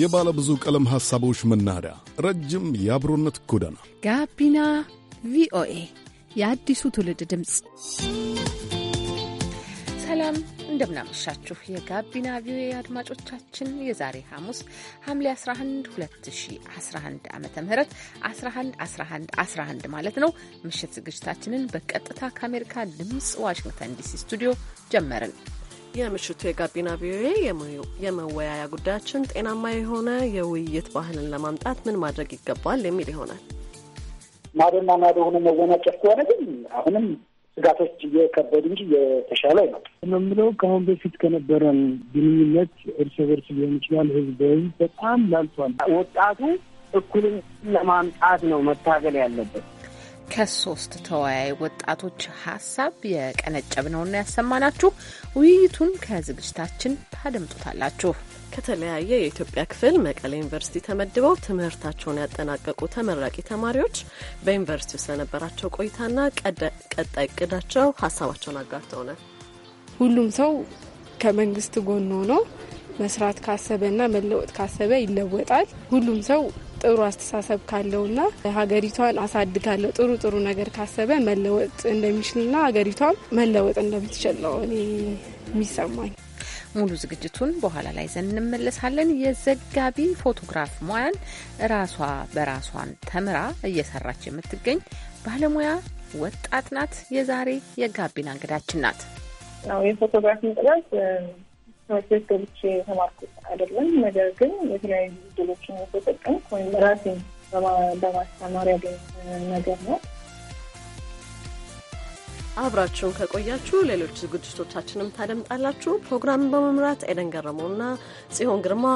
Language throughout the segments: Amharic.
የባለ ብዙ ቀለም ሐሳቦች መናኸሪያ፣ ረጅም የአብሮነት ጎዳና ጋቢና ቪኦኤ የአዲሱ ትውልድ ድምፅ። ሰላም እንደምናመሻችሁ የጋቢና ቪኦኤ አድማጮቻችን የዛሬ ሐሙስ ሐምሌ 11 2011 ዓ ም 11 11 11 ማለት ነው ምሽት ዝግጅታችንን በቀጥታ ከአሜሪካ ድምፅ ዋሽንግተን ዲሲ ስቱዲዮ ጀመርን። የምሽቱ የጋቢና ቪኦኤ የመወያያ ጉዳያችን ጤናማ የሆነ የውይይት ባህልን ለማምጣት ምን ማድረግ ይገባል የሚል ይሆናል። ማዶና ማዶ ሆኖ መወናጨፍ ከሆነ ግን አሁንም ስጋቶች እየከበዱ እንጂ እየተሻለ ነው የምለው ከአሁን በፊት ከነበረን ግንኙነት እርስ በርስ ሊሆን ይችላል፣ ህዝብ በህዝብ በጣም ላልቷል። ወጣቱ እኩልን ለማምጣት ነው መታገል ያለበት። ከሶስት ተወያይ ወጣቶች ሀሳብ የቀነጨብነውና ያሰማናችሁ። ውይይቱን ከዝግጅታችን ታደምጡታላችሁ። ከተለያየ የኢትዮጵያ ክፍል መቀሌ ዩኒቨርሲቲ ተመድበው ትምህርታቸውን ያጠናቀቁ ተመራቂ ተማሪዎች በዩኒቨርሲቲው ስለነበራቸው ቆይታና ቀጣይ እቅዳቸው ሀሳባቸውን አጋርተውናል። ሁሉም ሰው ከመንግስት ጎን ሆኖ መስራት ካሰበና መለወጥ ካሰበ ይለወጣል። ሁሉም ሰው ጥሩ አስተሳሰብ ካለውና ሀገሪቷን አሳድጋለሁ ጥሩ ጥሩ ነገር ካሰበ መለወጥ እንደሚችልና ሀገሪቷን መለወጥ እንደምትችል ነው እኔ የሚሰማኝ። ሙሉ ዝግጅቱን በኋላ ላይ ዘን እንመለሳለን። የዘጋቢ ፎቶግራፍ ሙያን ራሷ በራሷን ተምራ እየሰራች የምትገኝ ባለሙያ ወጣት ናት። የዛሬ የጋቢና እንግዳችን ናት። የፎቶግራፊ ጥላት ትምህርት ቤት ገብቼ የተማርኩት አይደለም። ነገር ግን የተለያዩ ድሎችን የተጠቀምኩ ወይም ራሴን በማስተማር ያገኝ ነገር ነው። አብራችሁን ከቆያችሁ ሌሎች ዝግጅቶቻችንም ታደምጣላችሁ። ፕሮግራምን በመምራት ኤደን ገረመውና ጽዮን ግርማ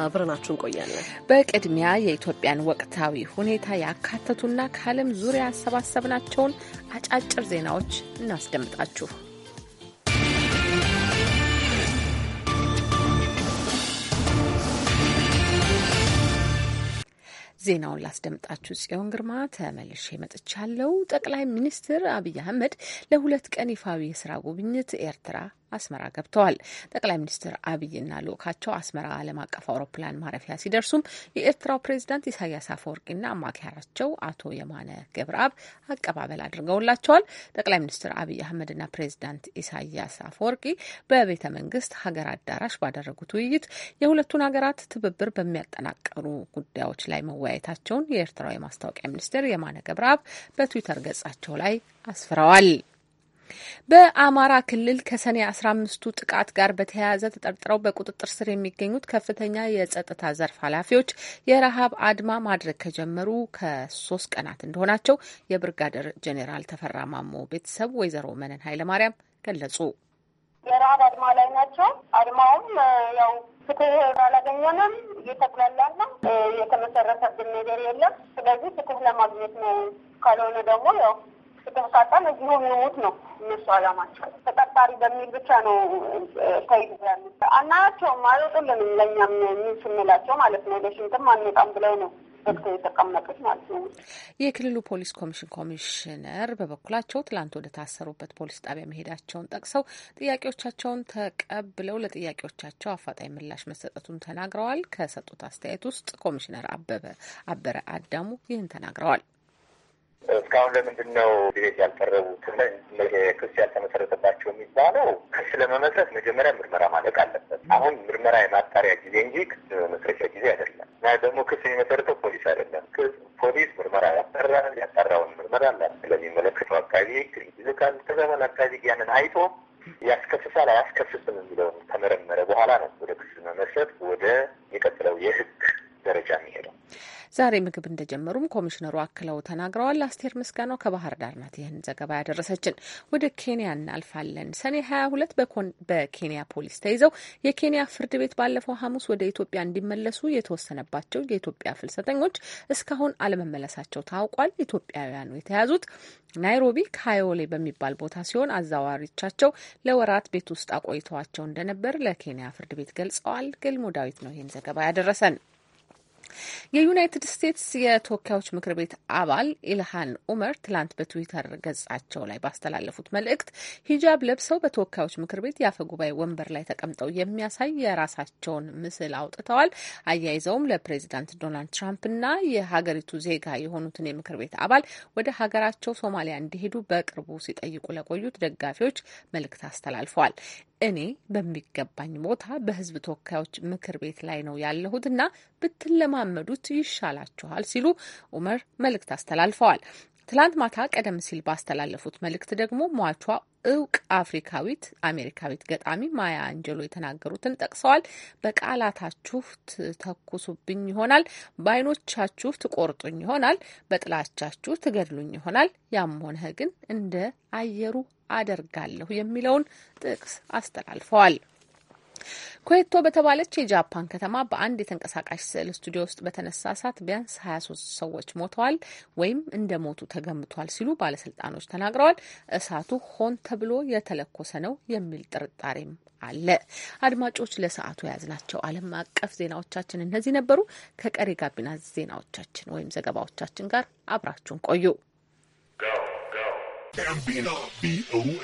አብረናችሁን እንቆያለን። በቅድሚያ የኢትዮጵያን ወቅታዊ ሁኔታ ያካተቱና ከዓለም ዙሪያ ያሰባሰብናቸውን አጫጭር ዜናዎች እናስደምጣችሁ። ዜናውን ላስደምጣችሁ። ጽዮን ግርማ ተመልሼ መጥቻለሁ። ጠቅላይ ሚኒስትር አብይ አህመድ ለሁለት ቀን ይፋዊ የስራ ጉብኝት ኤርትራ አስመራ ገብተዋል። ጠቅላይ ሚኒስትር አብይና ልኡካቸው አስመራ ዓለም አቀፍ አውሮፕላን ማረፊያ ሲደርሱም የኤርትራው ፕሬዚዳንት ኢሳያስ አፈወርቂና አማካሪያቸው አቶ የማነ ገብረአብ አቀባበል አድርገውላቸዋል። ጠቅላይ ሚኒስትር አብይ አህመድና ፕሬዚዳንት ኢሳያስ አፈወርቂ በቤተ መንግስት ሀገር አዳራሽ ባደረጉት ውይይት የሁለቱን ሀገራት ትብብር በሚያጠናቀሩ ጉዳዮች ላይ መወያየታቸውን የኤርትራው የማስታወቂያ ሚኒስቴር የማነ ገብረአብ በትዊተር ገጻቸው ላይ አስፍረዋል። በአማራ ክልል ከሰኔ አስራ አምስቱ ጥቃት ጋር በተያያዘ ተጠርጥረው በቁጥጥር ስር የሚገኙት ከፍተኛ የጸጥታ ዘርፍ ኃላፊዎች የረሃብ አድማ ማድረግ ከጀመሩ ከሶስት ቀናት እንደሆናቸው የብርጋደር ጄኔራል ተፈራ ማሞ ቤተሰብ ወይዘሮ መነን ኃይለማርያም ገለጹ። የረሃብ አድማ ላይ ናቸው። አድማውም ያው ፍትህ አላገኘንም፣ እየተጉላላን ነው። የተመሰረተብን ነገር የለም። ስለዚህ ፍትህ ለማግኘት ነው። ካልሆነ ደግሞ ያው ከተመሳጠን እዚሁ የሚሞት ነው እነሱ አላማቸው። ተጠርጣሪ በሚል ብቻ ነው ተይዙ ያሉ አናያቸውም፣ አይወጡልንም። ለእኛም ምን ስንላቸው ማለት ነው ለሽንትም አንወጣም ብለው ነው የተቀመጡት ነው። የክልሉ ፖሊስ ኮሚሽን ኮሚሽነር በበኩላቸው ትላንት ወደ ታሰሩበት ፖሊስ ጣቢያ መሄዳቸውን ጠቅሰው ጥያቄዎቻቸውን ተቀብለው ለጥያቄዎቻቸው አፋጣኝ ምላሽ መሰጠቱን ተናግረዋል። ከሰጡት አስተያየት ውስጥ ኮሚሽነር አበበ አበረ አዳሙ ይህን ተናግረዋል። እስካሁን ለምንድን ነው ቤት ያልቀረቡት ክስ ያልተመሰረተባቸው የሚባለው ክስ ለመመስረት መጀመሪያ ምርመራ ማለቅ አለበት። አሁን ምርመራ የማጣሪያ ጊዜ እንጂ ክስ መስረቻ ጊዜ አይደለም። እና ደግሞ ክስ የሚመሰረተው ፖሊስ አይደለም። ክስ ፖሊስ ምርመራ ያጠራል። ያጠራውን ምርመራ ስለሚመለከተው አካባቢ ይልካል። ከዘመን አካባቢ ያንን አይቶ ያስከስሳል አያስከስስም የሚለውን ከመረመረ በኋላ ነው ወደ ክስ መመስረት ወደ የቀጥለው የህግ ደረጃ የሚሄደው። ዛሬ ምግብ እንደጀመሩም ኮሚሽነሩ አክለው ተናግረዋል። አስቴር ምስጋናው ከባህር ዳር ናት ይህን ዘገባ ያደረሰችን። ወደ ኬንያ እናልፋለን። ሰኔ ሀያ ሁለት በኬንያ ፖሊስ ተይዘው የኬንያ ፍርድ ቤት ባለፈው ሐሙስ ወደ ኢትዮጵያ እንዲመለሱ የተወሰነባቸው የኢትዮጵያ ፍልሰተኞች እስካሁን አለመመለሳቸው ታውቋል። ኢትዮጵያውያኑ የተያዙት ናይሮቢ ካዮሌ በሚባል ቦታ ሲሆን አዛዋሪቻቸው ለወራት ቤት ውስጥ አቆይተዋቸው እንደነበር ለኬንያ ፍርድ ቤት ገልጸዋል። ገልሞ ዳዊት ነው ይህን ዘገባ ያደረሰን። የዩናይትድ ስቴትስ የተወካዮች ምክር ቤት አባል ኢልሃን ኡመር ትላንት በትዊተር ገጻቸው ላይ ባስተላለፉት መልእክት ሂጃብ ለብሰው በተወካዮች ምክር ቤት የአፈ ጉባኤ ወንበር ላይ ተቀምጠው የሚያሳይ የራሳቸውን ምስል አውጥተዋል። አያይዘውም ለፕሬዚዳንት ዶናልድ ትራምፕና የሀገሪቱ ዜጋ የሆኑትን የምክር ቤት አባል ወደ ሀገራቸው ሶማሊያ እንዲሄዱ በቅርቡ ሲጠይቁ ለቆዩት ደጋፊዎች መልእክት አስተላልፈዋል። እኔ በሚገባኝ ቦታ በህዝብ ተወካዮች ምክር ቤት ላይ ነው ያለሁት እና ብትለማመዱት ይሻላችኋል ሲሉ ኡመር መልእክት አስተላልፈዋል። ትላንት ማታ ቀደም ሲል ባስተላለፉት መልእክት ደግሞ ሟቿ እውቅ አፍሪካዊት አሜሪካዊት ገጣሚ ማያ አንጀሎ የተናገሩትን ጠቅሰዋል። በቃላታችሁ ትተኩሱብኝ ይሆናል፣ በአይኖቻችሁ ትቆርጡኝ ይሆናል፣ በጥላቻችሁ ትገድሉኝ ይሆናል። ያም ሆነ ግን እንደ አየሩ አደርጋለሁ የሚለውን ጥቅስ አስተላልፈዋል። ኩዌቶ በተባለች የጃፓን ከተማ በአንድ የተንቀሳቃሽ ስዕል ስቱዲዮ ውስጥ በተነሳ እሳት ቢያንስ 23 ሰዎች ሞተዋል ወይም እንደ ሞቱ ተገምቷል ሲሉ ባለስልጣኖች ተናግረዋል። እሳቱ ሆን ተብሎ የተለኮሰ ነው የሚል ጥርጣሬም አለ። አድማጮች፣ ለሰዓቱ የያዝናቸው ዓለም አቀፍ ዜናዎቻችን እነዚህ ነበሩ። ከቀሪ ጋቢና ዜናዎቻችን ወይም ዘገባዎቻችን ጋር አብራችሁን ቆዩ። ጋቢና ቪኦኤ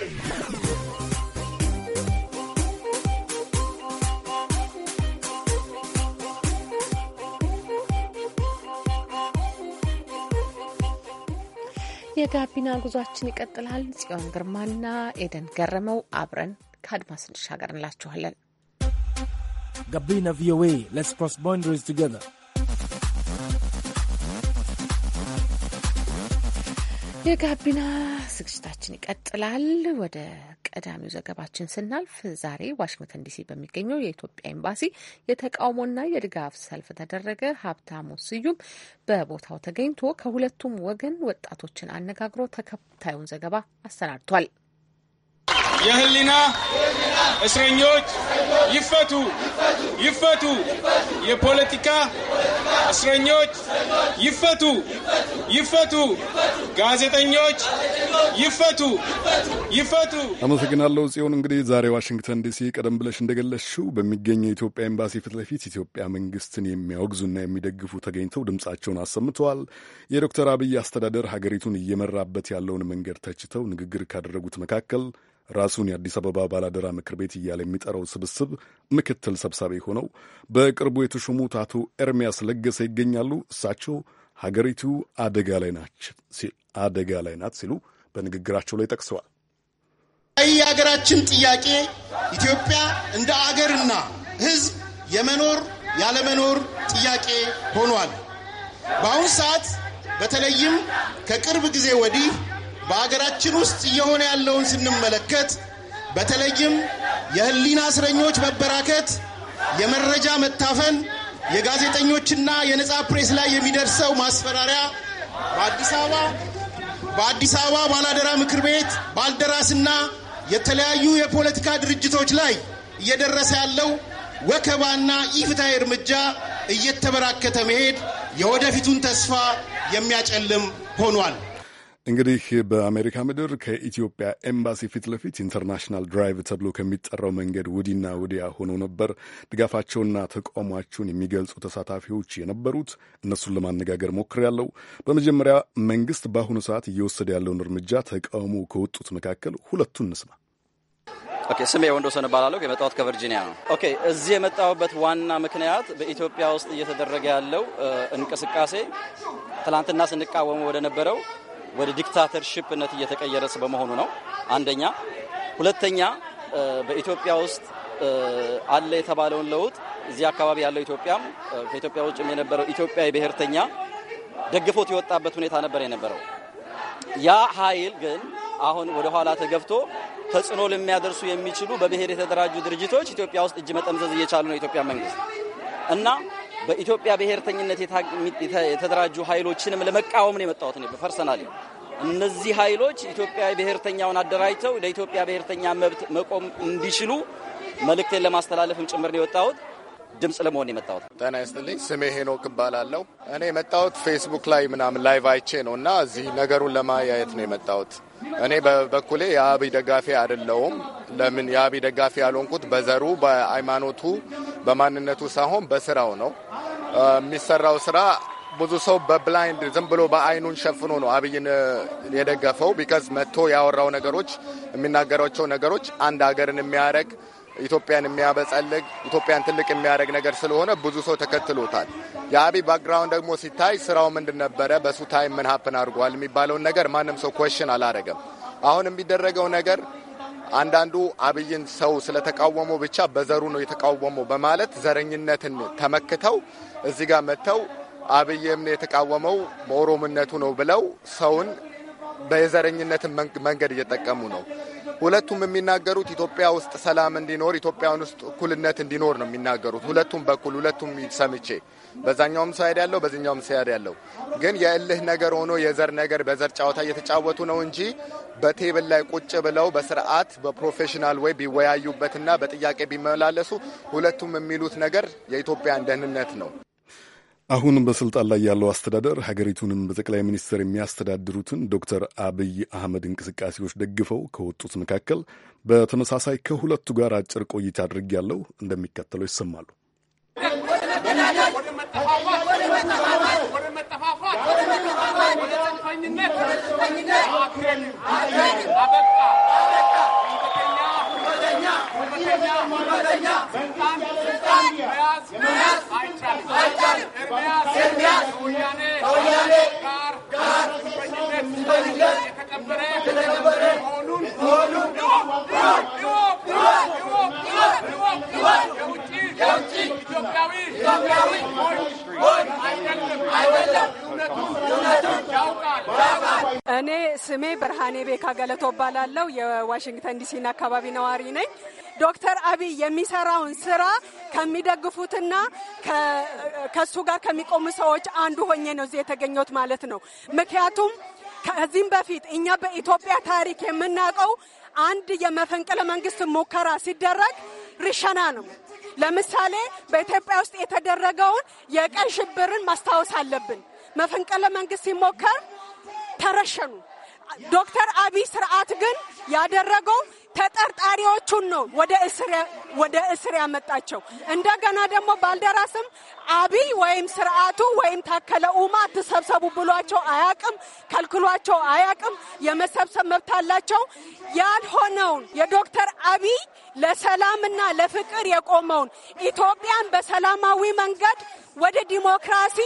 የጋቢና ጉዟችን ይቀጥላል። ጽዮን ግርማና ኤደን ገረመው አብረን ከአድማስ እንሻገር እንላችኋለን። ጋቢና ቪኦኤ ሌትስ ክሮስ ባውንደሪስ ቱጌዘር የጋቢና ዝግጅታችን ይቀጥላል። ወደ ቀዳሚው ዘገባችን ስናልፍ ዛሬ ዋሽንግተን ዲሲ በሚገኘው የኢትዮጵያ ኤምባሲ የተቃውሞና የድጋፍ ሰልፍ ተደረገ። ሀብታሙ ስዩም በቦታው ተገኝቶ ከሁለቱም ወገን ወጣቶችን አነጋግሮ ተከታዩን ዘገባ አሰናድቷል። የህሊና እስረኞች ይፈቱ ይፈቱ፣ የፖለቲካ እስረኞች ይፈቱ ይፈቱ፣ ጋዜጠኞች ይፈቱ ይፈቱ። አመሰግናለሁ ጽዮን። እንግዲህ ዛሬ ዋሽንግተን ዲሲ ቀደም ብለሽ እንደገለሽው በሚገኘው የኢትዮጵያ ኤምባሲ ፊት ለፊት ኢትዮጵያ መንግስትን የሚያወግዙና የሚደግፉ ተገኝተው ድምጻቸውን አሰምተዋል። የዶክተር አብይ አስተዳደር ሀገሪቱን እየመራበት ያለውን መንገድ ተችተው ንግግር ካደረጉት መካከል ራሱን የአዲስ አበባ ባላደራ ምክር ቤት እያለ የሚጠራው ስብስብ ምክትል ሰብሳቢ ሆነው በቅርቡ የተሾሙት አቶ ኤርሚያስ ለገሰ ይገኛሉ። እሳቸው ሀገሪቱ አደጋ ላይ ናት ሲሉ በንግግራቸው ላይ ጠቅሰዋል። የሀገራችን ጥያቄ ኢትዮጵያ እንደ አገርና ሕዝብ የመኖር ያለመኖር ጥያቄ ሆኗል። በአሁኑ ሰዓት በተለይም ከቅርብ ጊዜ ወዲህ በአገራችን ውስጥ እየሆነ ያለውን ስንመለከት በተለይም የህሊና እስረኞች መበራከት፣ የመረጃ መታፈን፣ የጋዜጠኞችና የነጻ ፕሬስ ላይ የሚደርሰው ማስፈራሪያ በአዲስ አበባ በአዲስ አበባ ባላደራ ምክር ቤት ባልደራስና የተለያዩ የፖለቲካ ድርጅቶች ላይ እየደረሰ ያለው ወከባና ኢፍትሐዊ እርምጃ እየተበራከተ መሄድ የወደፊቱን ተስፋ የሚያጨልም ሆኗል። እንግዲህ በአሜሪካ ምድር ከኢትዮጵያ ኤምባሲ ፊት ለፊት ኢንተርናሽናል ድራይቭ ተብሎ ከሚጠራው መንገድ ውዲና ውዲያ ሆነው ነበር ድጋፋቸውና ተቃውሟቸውን የሚገልጹ ተሳታፊዎች የነበሩት። እነሱን ለማነጋገር ሞክሬያለሁ። በመጀመሪያ መንግስት በአሁኑ ሰዓት እየወሰደ ያለውን እርምጃ ተቃውሞ ከወጡት መካከል ሁለቱን እንስማ። ኦኬ፣ ስሜ ወንዶሰን እባላለሁ። የመጣሁት ከቨርጂኒያ ነው። ኦኬ፣ እዚህ የመጣሁበት ዋና ምክንያት በኢትዮጵያ ውስጥ እየተደረገ ያለው እንቅስቃሴ ትላንትና ስንቃወሙ ወደ ነበረው ወደ ዲክታተርሽፕነት እየተቀየረ በመሆኑ ነው። አንደኛ። ሁለተኛ በኢትዮጵያ ውስጥ አለ የተባለውን ለውጥ እዚህ አካባቢ ያለው ኢትዮጵያም ከኢትዮጵያ ውጭም የነበረው ኢትዮጵያ ብሔርተኛ ደግፎት የወጣበት ሁኔታ ነበር የነበረው። ያ ኃይል ግን አሁን ወደ ኋላ ተገፍቶ ተጽዕኖ ለሚያደርሱ የሚችሉ በብሔር የተደራጁ ድርጅቶች ኢትዮጵያ ውስጥ እጅ መጠምዘዝ እየቻሉ ነው የኢትዮጵያ መንግስት እና በኢትዮጵያ ብሔርተኝነት የተደራጁ ኃይሎችንም ለመቃወም ነው የመጣሁት እኔ በፐርሰናል። እነዚህ ኃይሎች ኢትዮጵያ ብሔርተኛውን አደራጅተው ለኢትዮጵያ ብሔርተኛ መብት መቆም እንዲችሉ መልእክቴን ለማስተላለፍም ጭምር ነው የወጣሁት። ድምፅ ለመሆን የመጣሁት። ጤና ይስጥልኝ። ስሜ ሄኖክ እባላለሁ። እኔ የመጣሁት ፌስቡክ ላይ ምናምን ላይቭ አይቼ ነው እና እዚህ ነገሩን ለማያየት ነው የመጣሁት። እኔ በበኩሌ የአብይ ደጋፊ አይደለውም። ለምን የአብይ ደጋፊ ያልሆንኩት በዘሩ፣ በሃይማኖቱ፣ በማንነቱ ሳይሆን በስራው ነው። የሚሰራው ስራ ብዙ ሰው በብላይንድ ዝም ብሎ በአይኑን ሸፍኖ ነው አብይን የደገፈው። ቢከዝ መጥቶ ያወራው ነገሮች የሚናገራቸው ነገሮች አንድ ሀገርን የሚያደርግ ኢትዮጵያን የሚያበጸልግ ኢትዮጵያን ትልቅ የሚያደርግ ነገር ስለሆነ ብዙ ሰው ተከትሎታል። የአቢ ባክግራውንድ ደግሞ ሲታይ ስራው ምንድን ነበረ፣ በሱ ታይም ምን ሀፕን አድርጓል የሚባለውን ነገር ማንም ሰው ኮሽን አላደረገም። አሁን የሚደረገው ነገር አንዳንዱ አብይን ሰው ስለተቃወመው ብቻ በዘሩ ነው የተቃወመው በማለት ዘረኝነትን ተመክተው እዚህ ጋር መጥተው አብይም የተቃወመው በኦሮምነቱ ነው ብለው ሰውን በዘረኝነትን መንገድ እየጠቀሙ ነው። ሁለቱም የሚናገሩት ኢትዮጵያ ውስጥ ሰላም እንዲኖር፣ ኢትዮጵያን ውስጥ እኩልነት እንዲኖር ነው የሚናገሩት። ሁለቱም በኩል ሁለቱም ሰምቼ በዛኛውም ሳይድ ያለው በዚኛውም ሳይድ ያለው ግን የእልህ ነገር ሆኖ የዘር ነገር በዘር ጨዋታ እየተጫወቱ ነው እንጂ በቴብል ላይ ቁጭ ብለው በስርዓት በፕሮፌሽናል ወይ ቢወያዩበትና በጥያቄ ቢመላለሱ ሁለቱም የሚሉት ነገር የኢትዮጵያን ደህንነት ነው። አሁን በስልጣን ላይ ያለው አስተዳደር ሀገሪቱንም በጠቅላይ ሚኒስትር የሚያስተዳድሩትን ዶክተር አብይ አህመድ እንቅስቃሴዎች ደግፈው ከወጡት መካከል በተመሳሳይ ከሁለቱ ጋር አጭር ቆይታ ያለው እንደሚከተለው ይሰማሉ። እኔ ስሜ ብርሃኔ ቤካ ገለቶ እባላለሁ። የዋሽንግተን ዲሲና አካባቢ ነዋሪ ነኝ። ዶክተር አብይ የሚሰራውን ስራ ከሚደግፉትና ከእሱ ጋር ከሚቆሙ ሰዎች አንዱ ሆኜ ነው እዚህ የተገኘሁት ማለት ነው። ምክንያቱም ከዚህም በፊት እኛ በኢትዮጵያ ታሪክ የምናውቀው አንድ የመፈንቅለ መንግስት ሙከራ ሲደረግ ሪሸና ነው። ለምሳሌ በኢትዮጵያ ውስጥ የተደረገውን የቀይ ሽብርን ማስታወስ አለብን። መፈንቅለ መንግስት ሲሞከር ተረሸኑ። ዶክተር አብይ ስርዓት ግን ያደረገው ተጠርጣሪዎቹን ነው ወደ እስር ያመጣቸው። እንደገና ደግሞ ባልደራስም አብይ ወይም ስርዓቱ ወይም ታከለ ኡማ አትሰብሰቡ ብሏቸው አያቅም፣ ከልክሏቸው አያቅም። የመሰብሰብ መብት አላቸው። ያልሆነውን የዶክተር አብይ ለሰላምና ለፍቅር የቆመውን ኢትዮጵያን በሰላማዊ መንገድ ወደ ዲሞክራሲ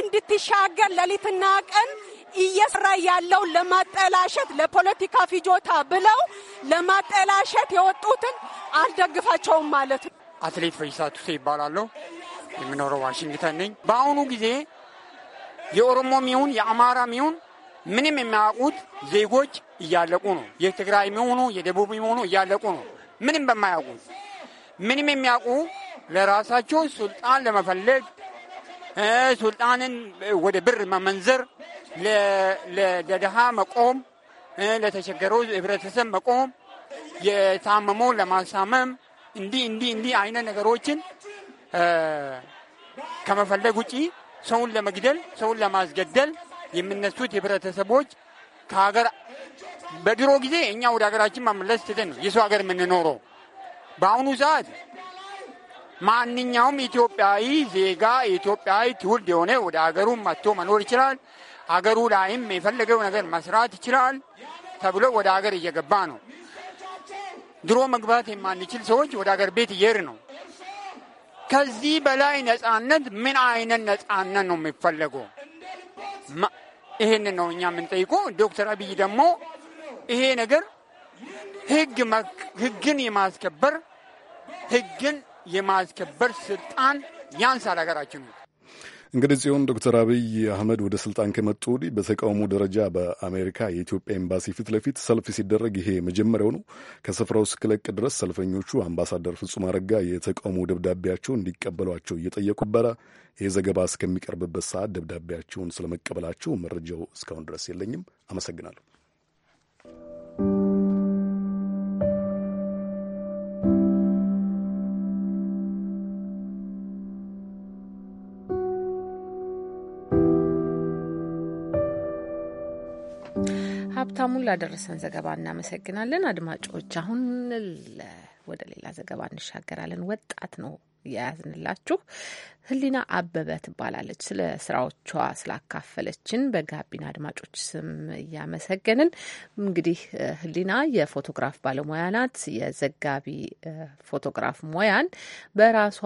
እንድትሻገር ሌሊትና ቀን እየሰራ ያለው ለማጠላሸት ለፖለቲካ ፍጆታ ብለው ለማጠላሸት የወጡትን አልደግፋቸውም ማለት ነው። አትሌት ፈይሳ ቱሴ ይባላለሁ። የምኖረው ዋሽንግተን ነኝ። በአሁኑ ጊዜ የኦሮሞ ሚሁን የአማራ ሚሁን ምንም የማያውቁት ዜጎች እያለቁ ነው። የትግራይ ሚሆኑ የደቡብ ሚሆኑ እያለቁ ነው። ምንም በማያውቁት ምንም የሚያውቁ ለራሳቸው ሱልጣን ለመፈለግ ሱልጣንን ወደ ብር መመንዘር ለድሃ መቆም፣ ለተቸገሩ ህብረተሰብ መቆም፣ የታመመውን ለማሳመም እንዲህ እንዲህ እንዲህ አይነት ነገሮችን ከመፈለግ ውጪ ሰውን ለመግደል ሰውን ለማስገደል የሚነሱት ህብረተሰቦች ከሀገር በድሮ ጊዜ እኛ ወደ ሀገራችን መመለስ ትተን ነው የሰው ሀገር የምንኖረው። በአሁኑ ሰዓት ማንኛውም ኢትዮጵያዊ ዜጋ ኢትዮጵያዊ ትውልድ የሆነ ወደ ሀገሩ መጥቶ መኖር ይችላል። አገሩ ላይም የፈለገው ነገር መስራት ይችላል ተብሎ ወደ አገር እየገባ ነው። ድሮ መግባት የማንችል ሰዎች ወደ አገር ቤት እየር ነው። ከዚህ በላይ ነጻነት፣ ምን አይነት ነጻነት ነው የሚፈለገው? ይህንን ነው እኛ የምንጠይቆ። ዶክተር አብይ ደግሞ ይሄ ነገር ህግን የማስከበር ህግን የማስከበር ስልጣን ያንሳል ሀገራችን ነው። እንግዲህ ጽዮን ዶክተር አብይ አህመድ ወደ ስልጣን ከመጡ ወዲህ በተቃውሞ ደረጃ በአሜሪካ የኢትዮጵያ ኤምባሲ ፊት ለፊት ሰልፍ ሲደረግ ይሄ መጀመሪያው ነው። ከስፍራው እስክለቅ ድረስ ሰልፈኞቹ አምባሳደር ፍጹም አረጋ የተቃውሞ ደብዳቤያቸው እንዲቀበሏቸው እየጠየቁ ነበረ። ይህ ዘገባ እስከሚቀርብበት ሰዓት ደብዳቤያቸውን ስለመቀበላቸው መረጃው እስካሁን ድረስ የለኝም። አመሰግናለሁ። ሀብታሙን ላደረሰን ዘገባ እናመሰግናለን። አድማጮች አሁን ወደ ሌላ ዘገባ እንሻገራለን። ወጣት ነው የያዝንላችሁ። ህሊና አበበ ትባላለች። ስለ ስራዎቿ ስላካፈለችን በጋቢና አድማጮች ስም እያመሰገንን እንግዲህ ህሊና የፎቶግራፍ ባለሙያ ናት። የዘጋቢ ፎቶግራፍ ሙያን በራሷ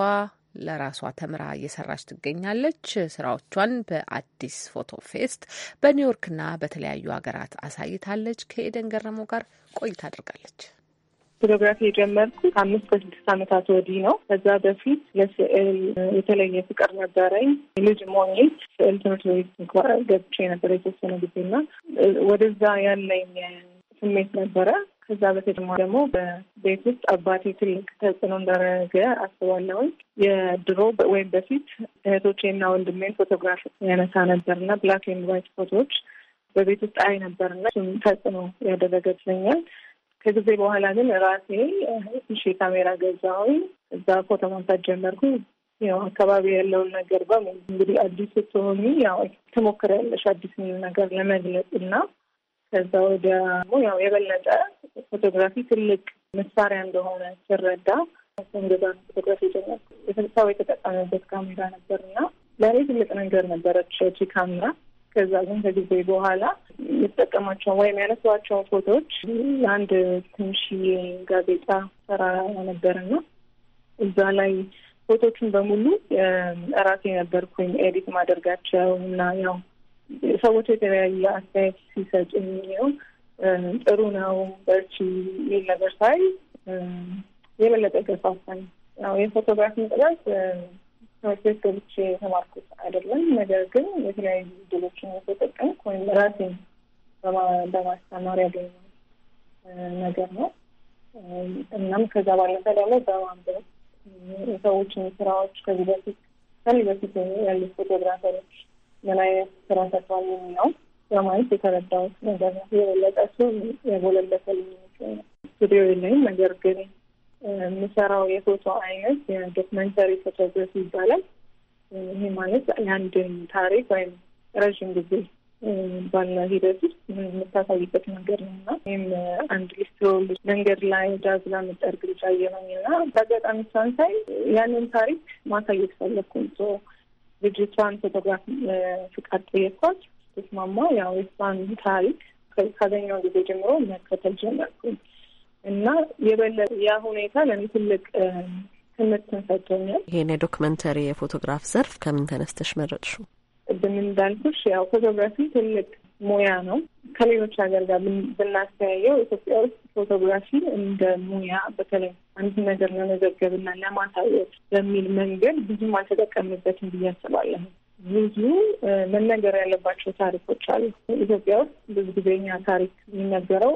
ለራሷ ተምራ እየሰራች ትገኛለች። ስራዎቿን በአዲስ ፎቶ ፌስት በኒውዮርክና በተለያዩ ሀገራት አሳይታለች። ከኤደን ገረሞ ጋር ቆይታ አድርጋለች። ፎቶግራፊ የጀመርኩ ከአምስት ከስድስት ዓመታት ወዲህ ነው። ከዛ በፊት ለስዕል የተለየ ፍቅር ነበረኝ። ልጅ ሞኜ ስዕል ትምህርት ቤት ገብቼ ነበር የተወሰነ ጊዜና ወደዛ ያለኝ ስሜት ነበረ። ከዛ በተጨማሪ ደግሞ በቤት ውስጥ አባቴ ትልቅ ተጽዕኖ እንዳደረገ አስባለሁኝ። የድሮ ወይም በፊት እህቶቼና ወንድሜን ፎቶግራፍ ያነሳ ነበር እና ብላክ ኤንድ ዋይት ፎቶዎች በቤት ውስጥ አይ ነበር ነበርና ተጽዕኖ ያደረገ ይመስለኛል። ከጊዜ በኋላ ግን ራሴ እሺ ካሜራ ገዛሁኝ። እዛ ፎቶ ማንሳት ጀመርኩ። ያው አካባቢ ያለውን ነገር በሙሉ እንግዲህ አዲስ ስትሆኒ ያው ትሞክሪያለሽ አዲስ ነገር ለመግለጽ እና ከዛ ወዲያ ደግሞ ያው የበለጠ ፎቶግራፊ ትልቅ መሳሪያ እንደሆነ ስረዳ ንገዛ ፎቶግራፊ ጀመር። ሰው የተጠቀመበት ካሜራ ነበር እና ለእኔ ትልቅ ነገር ነበረች ቺ ካሜራ። ከዛ ግን ከጊዜ በኋላ የተጠቀማቸውን ወይም ያነሷቸውን ፎቶዎች ለአንድ ትንሽዬ ጋዜጣ ሰራ ነበር እና እዛ ላይ ፎቶቹን በሙሉ ራሴ ነበርኩኝ ኤዲት ማደርጋቸው እና ያው ሰዎች የተለያየ አስተያየት ሲሰጡ የሚሆን ጥሩ ነው በርቺ የሚል ነገር ሳይ የበለጠ ገፋፋኝ። ያው የፎቶግራፊን ጥላት ትምህርት ቤት ገብቼ የተማርኩት አይደለም። ነገር ግን የተለያዩ ድሎችን የተጠቀምኩ ወይም ራሴን በማስተማር ያገኘ ነገር ነው። እናም ከዛ ባለፈ ደግሞ በማንበብ የሰዎችን ስራዎች ከዚህ በፊት ከዚህ በፊት ያሉት ፎቶግራፈሮች ምን አይነት ስራ ሰርተዋል የሚለው በማየት የተረዳሁት ነገር ነው። የበለጠ ሰው የጎለለሰ ሊሆን ስቱዲዮ የለኝም። ነገር ግን የምሰራው የፎቶ አይነት የዶክመንተሪ ፎቶግራፊ ይባላል። ይህ ማለት የአንድን ታሪክ ወይም ረዥም ጊዜ ባለ ሂደት ውስጥ የምታሳይበት መንገድ ነው እና ይህም አንድ ሊስትሮል መንገድ ላይ ጃዝ ላ ምጠርግ ልጅ አየሁኝ እና በአጋጣሚ እሷን ሳይ ያንን ታሪክ ማሳየት ፈለግኩኝ። ልጅቷን ፎቶግራፍ ፍቃድ ጠየኳት። ስማማ ያው የሷን ታሪክ ከዛኛው ጊዜ ጀምሮ መከተል ጀመርኩኝ እና የበለጠ ያ ሁኔታ ለእኔ ትልቅ ትምህርትን ሰጥቶኛል። ይህን የዶክመንተሪ የፎቶግራፍ ዘርፍ ከምን ተነስተሽ መረጥሹ? ቅድም እንዳልኩሽ ያው ፎቶግራፊ ትልቅ ሙያ ነው። ከሌሎች ሀገር ጋር ብናስተያየው ኢትዮጵያ ውስጥ ፎቶግራፊ እንደ ሙያ በተለይ አንድ ነገር ለመዘገብና ለማሳየት በሚል መንገድ ብዙም አልተጠቀምበትም ብዬ አስባለሁ። ብዙ መነገር ያለባቸው ታሪኮች አሉ። ኢትዮጵያ ውስጥ ብዙ ጊዜ እኛ ታሪክ የሚነገረው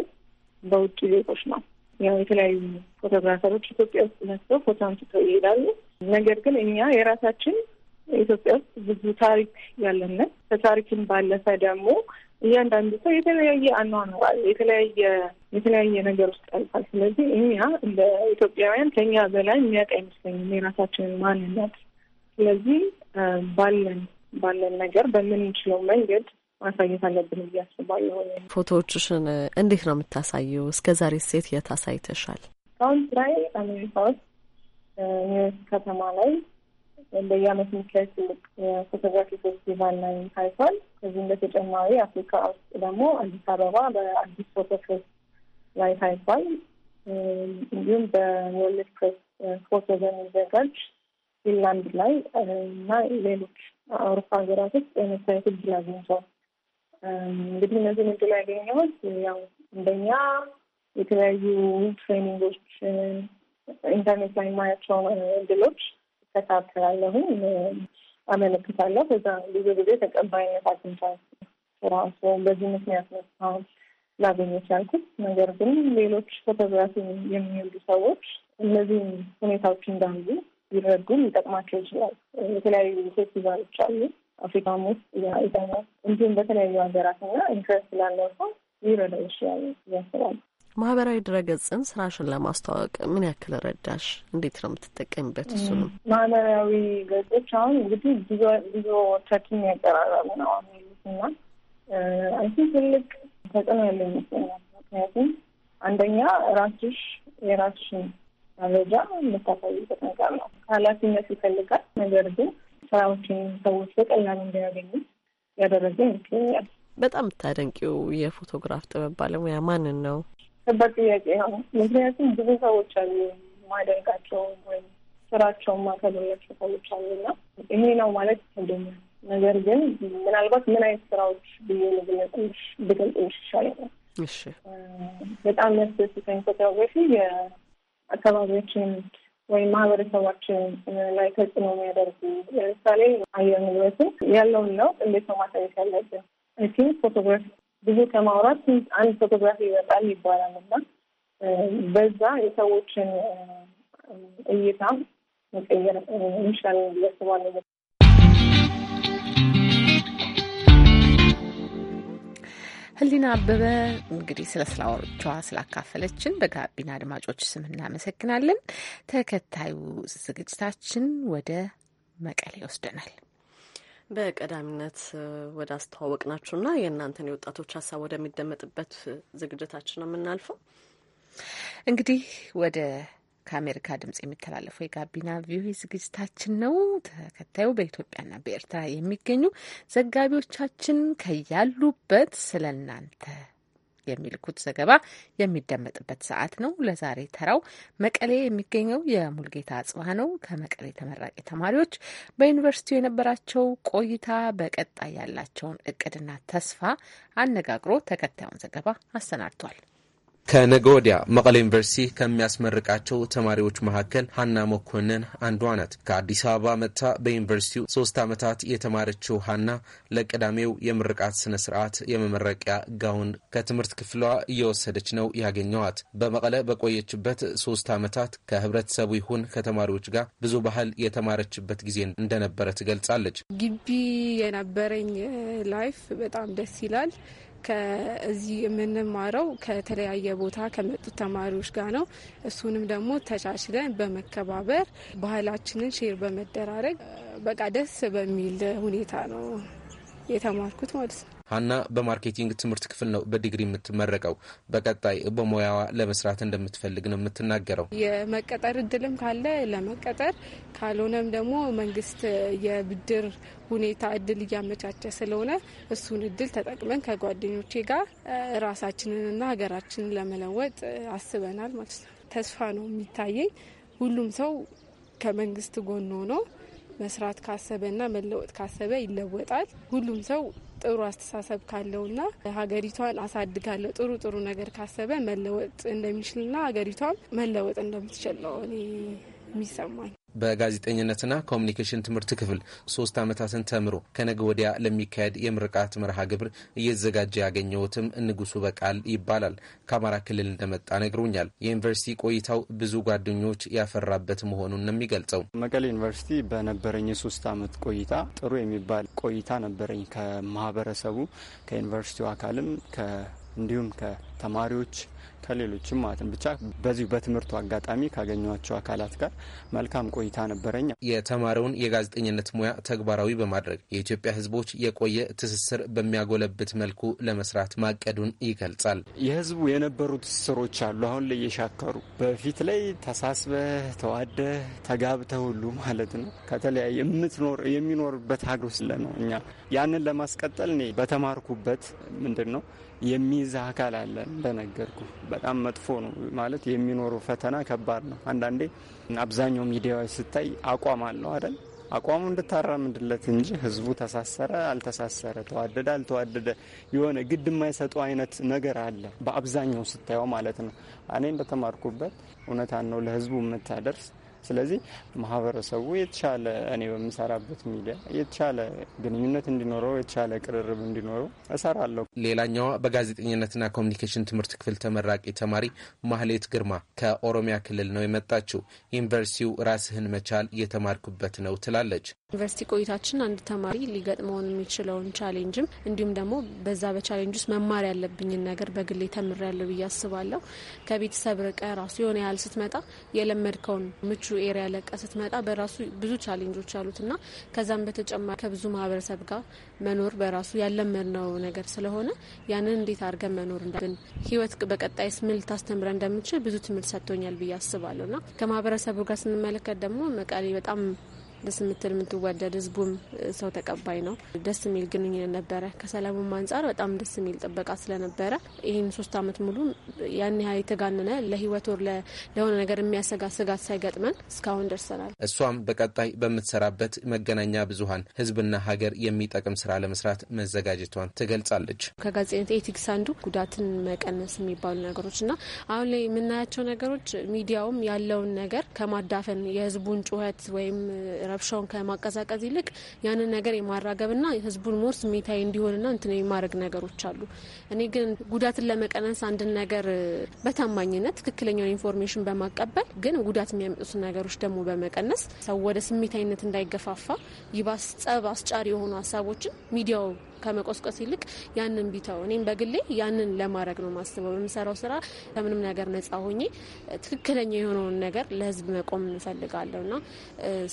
በውጭ ዜጎች ነው። ያው የተለያዩ ፎቶግራፈሮች ኢትዮጵያ ውስጥ ነስተው ፎቶ አንስተው ይሄዳሉ። ነገር ግን እኛ የራሳችን ኢትዮጵያ ውስጥ ብዙ ታሪክ ያለንን ከታሪክን ባለፈ ደግሞ እያንዳንዱ ሰው የተለያየ አኗኗራል የተለያየ የተለያየ ነገር ውስጥ ያልፋል። ስለዚህ እኛ እንደ ኢትዮጵያውያን ከኛ በላይ የሚያውቅ አይመስለኝም የራሳችንን ማንነት። ስለዚህ ባለን ባለን ነገር በምንችለው መንገድ ማሳየት አለብን ብዬ አስባለሁ። ፎቶዎችሽን እንዴት ነው የምታሳየው? እስከ ዛሬ ሴት የት አሳይተሻል? አሁን ስራዬ አሜሪካ ውስጥ ኒውዮርክ ከተማ ላይ በየአመት የሚካሄድ ትልቅ የፎቶግራፊ ፌስቲቫል ላይ ታይቷል። ከዚህም በተጨማሪ አፍሪካ ውስጥ ደግሞ አዲስ አበባ በአዲስ ፎቶ ፌስ ላይ ታይቷል። እንዲሁም በወርልድ ፕሬስ ፎቶ በሚዘጋጅ ፊንላንድ ላይ እና ሌሎች አውሮፓ ሀገራት ውስጥ የመታየት እድል አግኝቷል። እንግዲህ እነዚህን እድል ያገኘሁት ያው እንደኛ የተለያዩ ትሬኒንጎች ኢንተርኔት ላይ የማያቸው እድሎች እከታተላለሁኝ፣ አመለክታለሁ። ከዛ ብዙ ጊዜ ተቀባይነት አግኝቷል። ራሱ በዚህ ምክንያት ነው አሁን ያልኩት። ነገር ግን ሌሎች ፎቶግራፊ የሚወዱ ሰዎች እነዚህም ሁኔታዎች እንዳሉ ሊረዱም ሊጠቅማቸው ይችላል። የተለያዩ ፌስቲቫሎች አሉ አፍሪካም ውስጥ ኢጣማ፣ እንዲሁም በተለያዩ ሀገራት ሀገራትና ኢንትረስት ላለው ሰው ሊረዳ ይችላል እያስባሉ። ማህበራዊ ድረገጽን ስራሽን ለማስተዋወቅ ምን ያክል ረዳሽ? እንዴት ነው የምትጠቀሚበት? እሱንም ማህበራዊ ገጾች አሁን እንግዲህ ብዙዎቻችን ያቀራረቡ ነው አሁን ያሉትና አይ ቲንክ ትልቅ ተጽዕኖ ያለ ይመስለኛል። ምክንያቱም አንደኛ ራስሽ የራስሽን መረጃ የምታሳይበት ነገር ነው። ኃላፊነት ይፈልጋል። ነገር ግን ስራዎችን ሰዎች በቀላሉ እንዲያገኙ ያደረገ ይመስለኛል። በጣም የምታደንቂው የፎቶግራፍ ጥበብ ባለሙያ ማንን ነው? ከባድ ጥያቄ ነው። ምክንያቱም ብዙ ሰዎች አሉ ማደንቃቸው ወይም ስራቸውን ማከብራቸው ሰዎች አሉ አሉና ይሄ ነው ማለት ይከብደኛል። ነገር ግን ምናልባት ምን አይነት ስራዎች ብዬ ልግለጽልሽ ብግል ትንሽ ይሻለኛል። እሺ፣ በጣም ያስደስተኝ ፎቶግራፊ የአካባቢያችን ወይም ማህበረሰባችን ላይ ተጽዕኖ የሚያደርጉ ለምሳሌ አየር ንብረቱ ያለውን ለውጥ እንዴት ነው ማሳየት ያለብን? እቲ ፎቶግራፍ ብዙ ከማውራት አንድ ፎቶግራፊ ይበጣል ይባላል እና በዛ የሰዎችን እይታ መቀየር እንችላለን ያስባለበት ህሊና አበበ እንግዲህ ስለ ስራዎቿ ስላካፈለችን በጋቢና አድማጮች ስም እናመሰግናለን። ተከታዩ ዝግጅታችን ወደ መቀሌ ይወስደናል። በቀዳሚነት ወደ ናችሁና የእናንተን የወጣቶች ሀሳብ ወደሚደመጥበት ዝግጅታችን ነው የምናልፈው። እንግዲህ ወደ ከአሜሪካ ድምጽ የሚተላለፈው የጋቢና ቪኦኤ ዝግጅታችን ነው። ተከታዩ በኢትዮጵያና በኤርትራ የሚገኙ ዘጋቢዎቻችን ከያሉበት ስለ እናንተ የሚልኩት ዘገባ የሚደመጥበት ሰዓት ነው። ለዛሬ ተራው መቀሌ የሚገኘው የሙልጌታ አጽባህ ነው። ከመቀሌ ተመራቂ ተማሪዎች በዩኒቨርሲቲው የነበራቸው ቆይታ፣ በቀጣይ ያላቸውን እቅድና ተስፋ አነጋግሮ ተከታዩን ዘገባ አሰናድቷል። ከነገ ወዲያ መቀሌ ዩኒቨርሲቲ ከሚያስመርቃቸው ተማሪዎች መካከል ሀና መኮንን አንዷ ናት። ከአዲስ አበባ መጥታ በዩኒቨርሲቲው ሶስት ዓመታት የተማረችው ሀና ለቅዳሜው የምርቃት ስነ ስርዓት የመመረቂያ ጋውን ከትምህርት ክፍሏ እየወሰደች ነው ያገኘዋት። በመቀለ በቆየችበት ሶስት ዓመታት ከህብረተሰቡ ይሁን ከተማሪዎች ጋር ብዙ ባህል የተማረችበት ጊዜ እንደነበረ ትገልጻለች። ግቢ የነበረኝ ላይፍ በጣም ደስ ይላል። ከዚህ የምንማረው ከተለያየ ቦታ ከመጡት ተማሪዎች ጋር ነው። እሱንም ደግሞ ተቻችለን በመከባበር ባህላችንን ሼር በመደራረግ በቃ ደስ በሚል ሁኔታ ነው የተማርኩት ማለት ነው። ሀና በማርኬቲንግ ትምህርት ክፍል ነው በዲግሪ የምትመረቀው። በቀጣይ በሙያዋ ለመስራት እንደምትፈልግ ነው የምትናገረው። የመቀጠር እድልም ካለ ለመቀጠር ካልሆነም ደግሞ መንግስት የብድር ሁኔታ እድል እያመቻቸ ስለሆነ እሱን እድል ተጠቅመን ከጓደኞቼ ጋር ራሳችንንና ሀገራችንን ለመለወጥ አስበናል ማለት ነው። ተስፋ ነው የሚታየኝ። ሁሉም ሰው ከመንግስት ጎን ሆኖ መስራት ካሰበና መለወጥ ካሰበ ይለወጣል። ሁሉም ሰው ጥሩ አስተሳሰብ ካለውና ሀገሪቷን አሳድጋለሁ ጥሩ ጥሩ ነገር ካሰበ መለወጥ እንደሚችልና ሀገሪቷን መለወጥ እንደምትችል ነው እኔ የሚሰማኝ። በጋዜጠኝነትና ኮሚኒኬሽን ትምህርት ክፍል ሶስት ዓመታትን ተምሮ ከነገ ወዲያ ለሚካሄድ የምርቃት መርሃ ግብር እየተዘጋጀ ያገኘሁትም ንጉሱ በቃል ይባላል። ከአማራ ክልል እንደመጣ ነግሮኛል። የዩኒቨርሲቲ ቆይታው ብዙ ጓደኞች ያፈራበት መሆኑን ነው የሚገልጸው። መቀሌ ዩኒቨርሲቲ በነበረኝ የሶስት ዓመት ቆይታ ጥሩ የሚባል ቆይታ ነበረኝ ከማህበረሰቡ ከዩኒቨርሲቲው አካልም እንዲሁም ከተማሪዎች ከሌሎችም ማለት ነው። ብቻ በዚሁ በትምህርቱ አጋጣሚ ካገኟቸው አካላት ጋር መልካም ቆይታ ነበረኝ። የተማረውን የጋዜጠኝነት ሙያ ተግባራዊ በማድረግ የኢትዮጵያ ሕዝቦች የቆየ ትስስር በሚያጎለብት መልኩ ለመስራት ማቀዱን ይገልጻል። የሕዝቡ የነበሩ ትስስሮች አሉ፣ አሁን ላይ የሻከሩ። በፊት ላይ ተሳስበህ ተዋደህ ተጋብተህ ሁሉ ማለት ነው ከተለያየ የምትኖር የሚኖርበት ሀገር ውስጥ ነው። እኛ ያንን ለማስቀጠል እኔ በተማርኩበት ምንድን ነው የሚይዝ አካል አለ። እንደነገርኩ በጣም መጥፎ ነው ማለት የሚኖረው ፈተና ከባድ ነው። አንዳንዴ አብዛኛው ሚዲያዎች ስታይ አቋም አለው አይደል? አቋሙ እንድታራምድለት እንጂ ህዝቡ ተሳሰረ አልተሳሰረ፣ ተዋደደ አልተዋደደ የሆነ ግድ የማይሰጡ አይነት ነገር አለ በአብዛኛው ስታየው ማለት ነው። እኔ እንደተማርኩበት እውነታን ነው ለህዝቡ የምታደርስ ስለዚህ ማህበረሰቡ የተሻለ እኔ በምሰራበት ሚዲያ የተሻለ ግንኙነት እንዲኖረው የተሻለ ቅርርብ እንዲኖረው እሰራለሁ። ሌላኛዋ በጋዜጠኝነትና ኮሚኒኬሽን ትምህርት ክፍል ተመራቂ ተማሪ ማህሌት ግርማ ከኦሮሚያ ክልል ነው የመጣችው። ዩኒቨርሲቲው ራስህን መቻል የተማርኩበት ነው ትላለች። ዩኒቨርሲቲ ቆይታችን አንድ ተማሪ ሊገጥመውን የሚችለውን ቻሌንጅም እንዲሁም ደግሞ በዛ በቻሌንጅ ውስጥ መማር ያለብኝን ነገር በግሌ ተምሬያለሁ ብዬ አስባለሁ። ከቤተሰብ ርቀ ራሱ የሆነ ያህል ስትመጣ የለመድከውን ምቹ ኤሪያ ለቀ ስትመጣ በራሱ ብዙ ቻሌንጆች አሉት እና ከዛም በተጨማሪ ከብዙ ማህበረሰብ ጋር መኖር በራሱ ያለመድነው ነገር ስለሆነ ያንን እንዴት አድርገን መኖር እንዳለብን ህይወት በቀጣይ ስምል ታስተምረ እንደምችል ብዙ ትምህርት ሰጥቶኛል ብዬ አስባለሁ ና ከማህበረሰቡ ጋር ስንመለከት ደግሞ መቀሌ በጣም ደስ የምትል የምትወደድ ህዝቡም ሰው ተቀባይ ነው። ደስ የሚል ግንኙነት ነበረ። ከሰላሙም አንጻር በጣም ደስ የሚል ጥበቃ ስለነበረ ይህን ሶስት አመት ሙሉ ያን ያህል የተጋነነ ለህይወት ወር ለሆነ ነገር የሚያሰጋ ስጋት ሳይገጥመን እስካሁን ደርሰናል። እሷም በቀጣይ በምትሰራበት መገናኛ ብዙሀን ህዝብና ሀገር የሚጠቅም ስራ ለመስራት መዘጋጀቷን ትገልጻለች። ከጋዜጠኝነት ኤቲክስ አንዱ ጉዳትን መቀነስ የሚባሉ ነገሮች እና አሁን ላይ የምናያቸው ነገሮች ሚዲያውም ያለውን ነገር ከማዳፈን የህዝቡን ጩኸት ወይም ረብሻውን ከማቀዛቀዝ ይልቅ ያንን ነገር የማራገብና ህዝቡን ሞር ስሜታዊ እንዲሆንና እንትን የማድረግ ነገሮች አሉ። እኔ ግን ጉዳትን ለመቀነስ አንድን ነገር በታማኝነት ትክክለኛውን ኢንፎርሜሽን በማቀበል ግን ጉዳት የሚያመጡት ነገሮች ደግሞ በመቀነስ ሰው ወደ ስሜታዊነት እንዳይገፋፋ ይባስ ጸብ አስጫሪ የሆኑ ሀሳቦችን ሚዲያው ከመቆስቆስ ይልቅ ያንን ቢተው እኔም በግሌ ያንን ለማድረግ ነው ማስበው። በምሰራው ስራ ከምንም ነገር ነጻ ሆኜ ትክክለኛ የሆነውን ነገር ለህዝብ መቆም እንፈልጋለሁ እና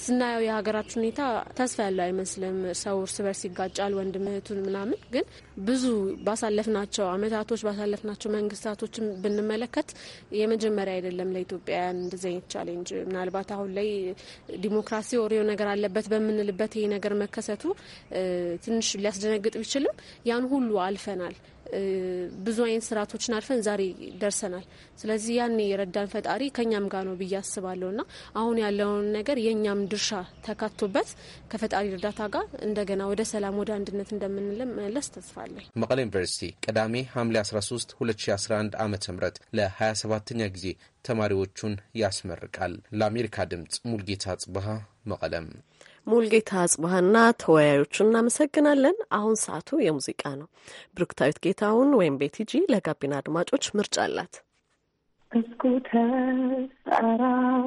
ስናየው የሀገራችን ሁኔታ ተስፋ ያለው አይመስልም። ሰው እርስ በርስ ይጋጫል፣ ወንድም እህቱን ምናምን። ግን ብዙ ባሳለፍናቸው አመታቶች ባሳለፍናቸው መንግስታቶችን ብንመለከት የመጀመሪያ አይደለም ለኢትዮጵያውያን እንደዚህ አይነት ቻሌንጅ። ምናልባት አሁን ላይ ዲሞክራሲ ኦሪዮ ነገር አለበት በምንልበት ይሄ ነገር መከሰቱ ትንሽ ሊያስደነግጥ ቢችልም ያን ሁሉ አልፈናል። ብዙ አይነት ስርዓቶችን አልፈን ዛሬ ደርሰናል። ስለዚህ ያን የረዳን ፈጣሪ ከኛም ጋር ነው ብዬ አስባለሁ እና አሁን ያለውን ነገር የእኛም ድርሻ ተካቶበት ከፈጣሪ እርዳታ ጋር እንደገና ወደ ሰላም ወደ አንድነት እንደምንመለስ ተስፋ አለን። መቀሌ ዩኒቨርሲቲ ቅዳሜ ሐምሌ 13 2011 ዓ ም ለ27ኛ ጊዜ ተማሪዎቹን ያስመርቃል። ለአሜሪካ ድምፅ ሙልጌታ ጽብሃ መቀለም ሙልጌታ አጽባህና ተወያዮቹ እናመሰግናለን። አሁን ሰዓቱ የሙዚቃ ነው። ብሩክታዊት ጌታውን ወይም ቤቲጂ ለጋቢና አድማጮች ምርጫ አላት። እስኩተራው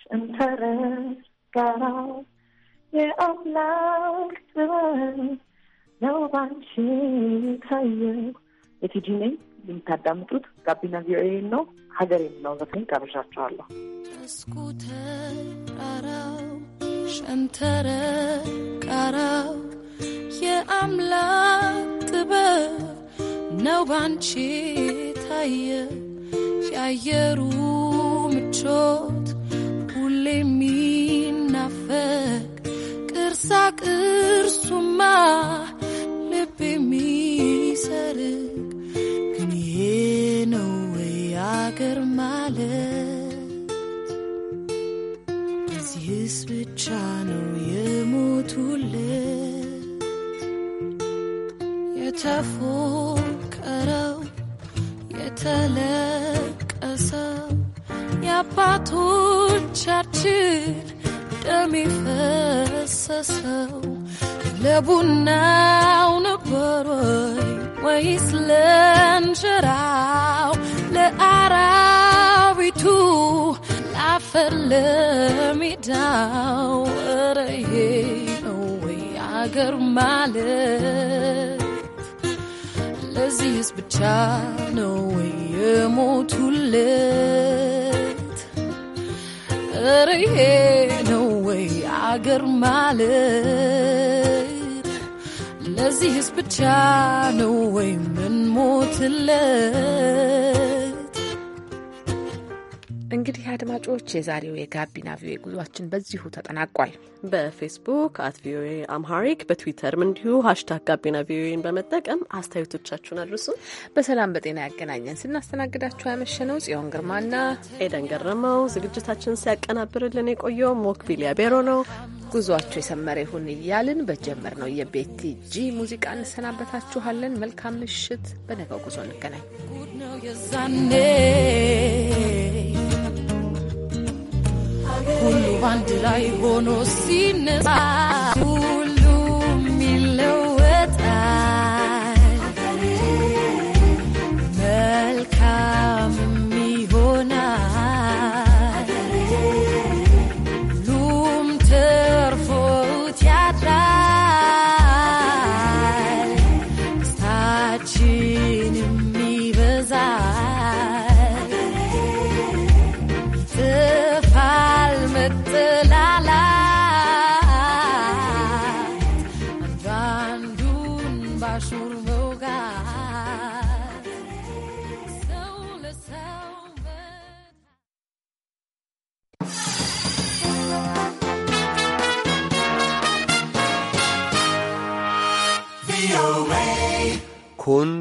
ሽንፈረስ ጋራው የአምላክ ጥበብ ነው ባንቺ ታየው። ቤቲጂ ነኝ። የምታዳምጡት ጋቢና ቪኦኤ ነው። ሀገሬ ነው። ዘፈን ጋብዣቸዋለሁ። እስኩተራው ሸንተረ ቃራው የአምላክ ጥበብ ነው ባንቺ ታየ የአየሩ ምቾት ሁሌ የሚናፈቅ ቅርሳ ቅርሱማ ልብ የሚሰርቅ ግን ይሄ ነው ወይ አገር ማለት ብቻ ነው የሞቱለት የተፎቀረው የተለቀሰው የአባቶቻችን ደም የፈሰሰው ለቡናው ነበር ወይስ ለእንጀራው ለአራ አፈር ለሜዳው ረሄ ነው ወይ አገር ማለት ለዚህስ ብቻ ነው ወይ የሞቱለት? ረሄ ነው ወይ አገር ማለት ለዚህስ ብቻ ነው ወይ ምን ሞትለት? እንግዲህ አድማጮች የዛሬው የጋቢና ቪዮኤ ጉዟችን በዚሁ ተጠናቋል። በፌስቡክ አት ቪኤ አምሃሪክ በትዊተርም እንዲሁ ሀሽታግ ጋቢና ቪኦኤን በመጠቀም አስተያየቶቻችሁን አድርሱ። በሰላም በጤና ያገናኘን። ስናስተናግዳችሁ ያመሸነው ጽዮን ግርማና ኤደን ገረመው፣ ዝግጅታችን ሲያቀናብርልን የቆየው ሞክቢሊያ ቤሮ ነው። ጉዟችሁ የሰመረ ይሁን እያልን በጀመር ነው የቤቲ ጂ ሙዚቃ እንሰናበታችኋለን። መልካም ምሽት። በነገው ጉዞ እንገናኝ። በአንድ ላይ ሆኖ ሲነሳ